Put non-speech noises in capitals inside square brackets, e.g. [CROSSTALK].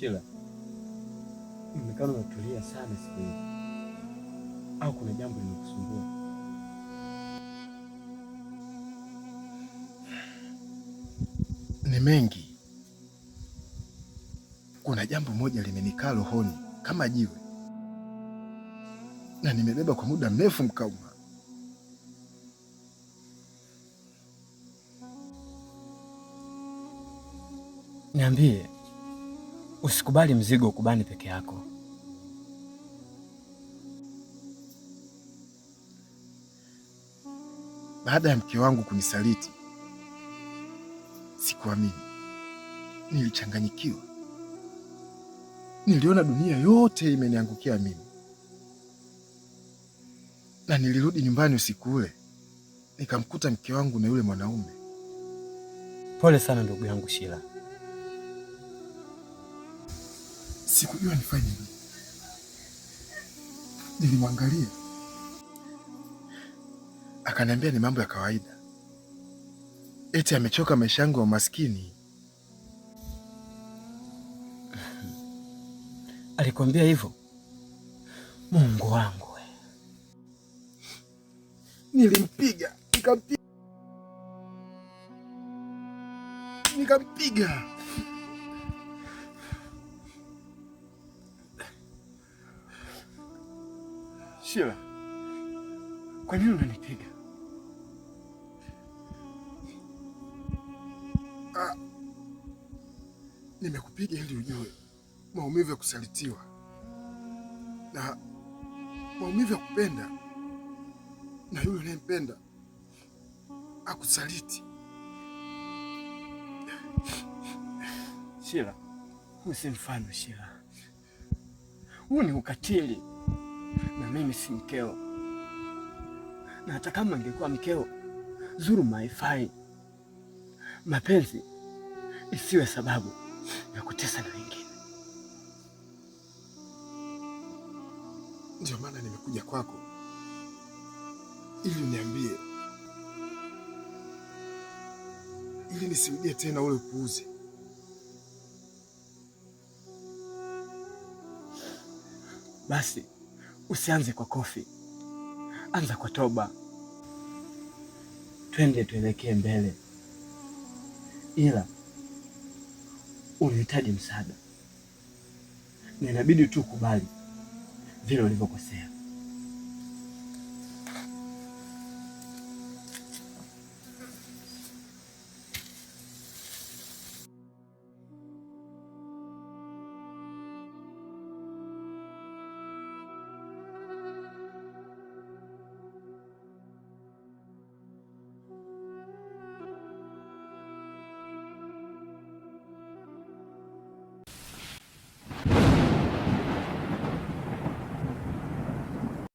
Shila, mekana natulia sana siku hizi, au kuna jambo linakusumbua? Ni mengi. Kuna jambo moja limenikaa rohoni kama jiwe na nimebeba kwa muda mrefu mkauma. Niambie. Usikubali mzigo ukubani peke yako. Baada ya mke wangu kunisaliti, sikuamini, nilichanganyikiwa. Niliona dunia yote imeniangukia mimi, na nilirudi nyumbani usiku ule nikamkuta mke wangu na yule mwanaume. Pole sana ndugu yangu Shila. Sikujua nifanye nini, nilimwangalia akaniambia ni mambo ya kawaida, eti amechoka maisha yangu ya umaskini. [LAUGHS] Alikwambia hivyo? Mungu wangu, nilimpiga nikampiga nikampiga Shila, kwa nini unanipiga? Ah, nimekupiga ili ujue maumivu ya kusalitiwa na maumivu ya kupenda na yule unayempenda akusaliti. Shila, huu si mfano Shila, huu ni ukatili na mimi si mkeo, na hata kama angekuwa mkeo, zuru maifai Mapenzi isiwe sababu ya kutesa na wengine. Ndio maana nimekuja kwako ili niambie ili nisirudie tena ule upuuzi. Basi Usianze kwa kofi, anza kwa toba. Twende tuelekee mbele, ila unahitaji msaada na inabidi tu kubali vile ulivyokosea.